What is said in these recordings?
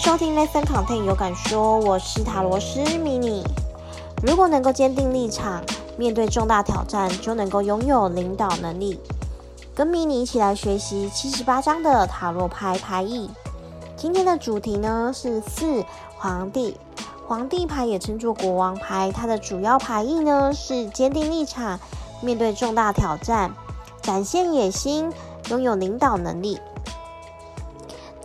收聽 Listen Content，有感說，我是塔羅師 mini。如果能夠堅定立場，面對重大挑戰，就能夠擁有領導能力。跟 mini 一起來學習七十八張的塔羅牌牌意。今天的主題呢是四皇帝。皇帝牌也稱作國王牌，它的主要牌意呢是堅定立場，面對重大挑戰，展現野心，擁有領導能力。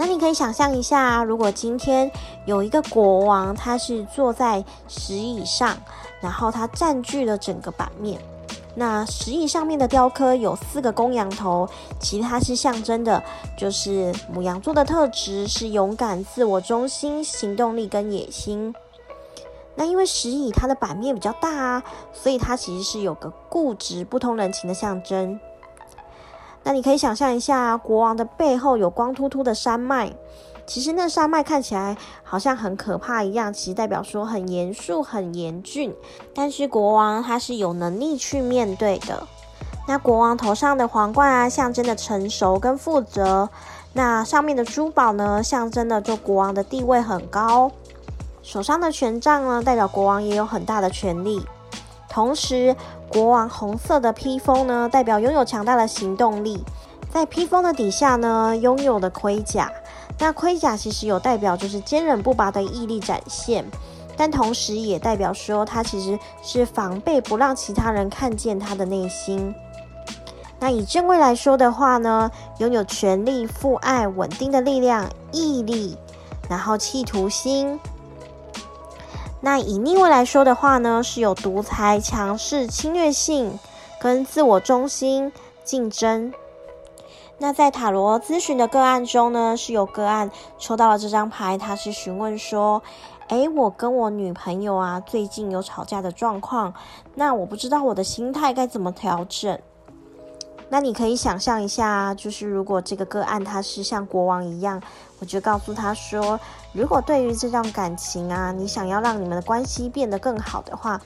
那你可以想象一下，如果今天有一個國王，他是坐在石椅上，然後他佔據了整個版面。那石椅上面的雕刻有四個公羊頭，其他是象徵的，就是牡羊座的特質是勇敢、自我中心、行動力跟野心。那因為石椅它的版面比較大啊，所以它其實是有個固執、不通人情的象徵。那你可以想象一下，國王的背後有光禿禿的山脈，其實那山脈看起來好像很可怕一樣，其實代表說很嚴肅、很嚴峻。但是國王他是有能力去面對的。那國王頭上的皇冠啊，象徵的成熟跟負責；那上面的珠寶呢，象徵的就國王的地位很高。手上的權杖呢，代表國王也有很大的權力。同時，國王紅色的披風呢，代表擁有強大的行動力。在披風的底下呢，擁有的盔甲，那盔甲其實有代表就是堅韌不拔的毅力展現，但同時也代表說他其實是防備，不讓其他人看見他的內心。那以正位來說的話呢，擁有權力、父愛、穩定的力量、毅力，然後企圖心。那以逆位來說的話呢，是有獨裁、強勢、侵略性，跟自我中心、競爭。那在塔羅諮詢的個案中呢，是有個案抽到了這張牌，他是詢問說：誒、欸、我跟我女朋友啊，最近有吵架的狀況，那我不知道我的心態該怎麼調整。那你可以想象一下啊，就是如果這個個案它是像國王一樣，我就告訴他說，如果對於這段感情啊，你想要讓你們的關係變得更好的話，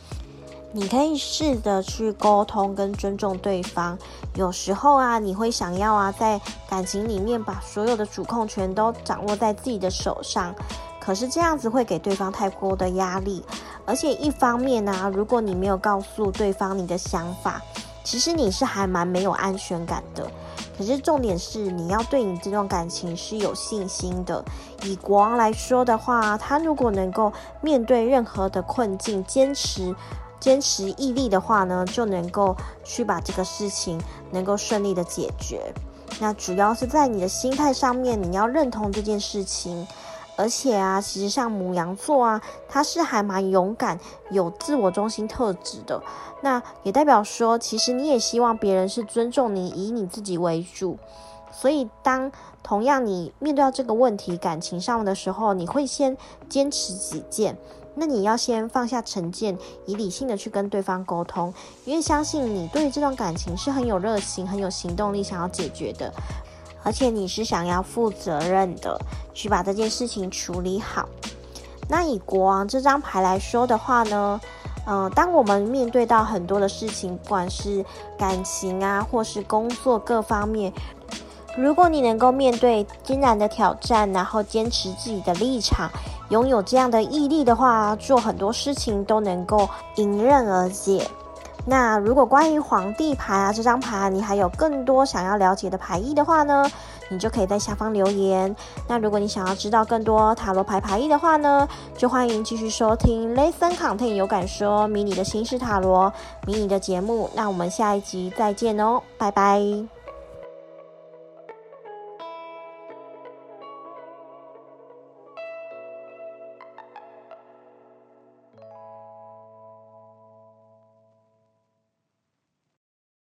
你可以試着去溝通跟尊重對方。有時候啊，你會想要啊，在感情裡面把所有的主控權都掌握在自己的手上，可是這樣子會給對方太過的壓力。而且一方面呢啊，如果你沒有告訴對方你的想法。其實你是還蠻沒有安全感的，可是重點是你要對你這段感情是有信心的。以國王來說的話，他如果能夠面對任何的困境，堅持堅持毅力的話呢，就能夠去把這個事情，能夠順利的解決。那主要是在你的心態上面，你要認同這件事情。而且啊，其實像牡羊座啊，他是還蠻勇敢、有自我中心特質的。那也代表說，其實你也希望別人是尊重你，以你自己為主。所以，當同樣你面對到這個問題、感情上的時候，你會先堅持己見。那你要先放下成見，以理性的去跟對方溝通，因為相信你對於這段感情是很有熱情、很有行動力，想要解決的。而且你是想要負責任的，去把這件事情處理好。那以國王這張牌來說的話呢，嗯、呃，當我們面對到很多的事情，不管是感情啊，或是工作各方面，如果你能夠面對艱難的挑戰，然後堅持自己的立場，擁有這樣的毅力的話，做很多事情都能夠迎刃而解。那如果關於皇帝牌啊，這張牌，啊，你還有更多想要了解的牌意的話呢，你就可以在下方留言。那如果你想要知道更多塔羅牌牌意的話呢，就歡迎繼續收聽 Listen Content 有感說迷你的新式塔羅迷你的節目。那我們下一集再見哦，拜拜。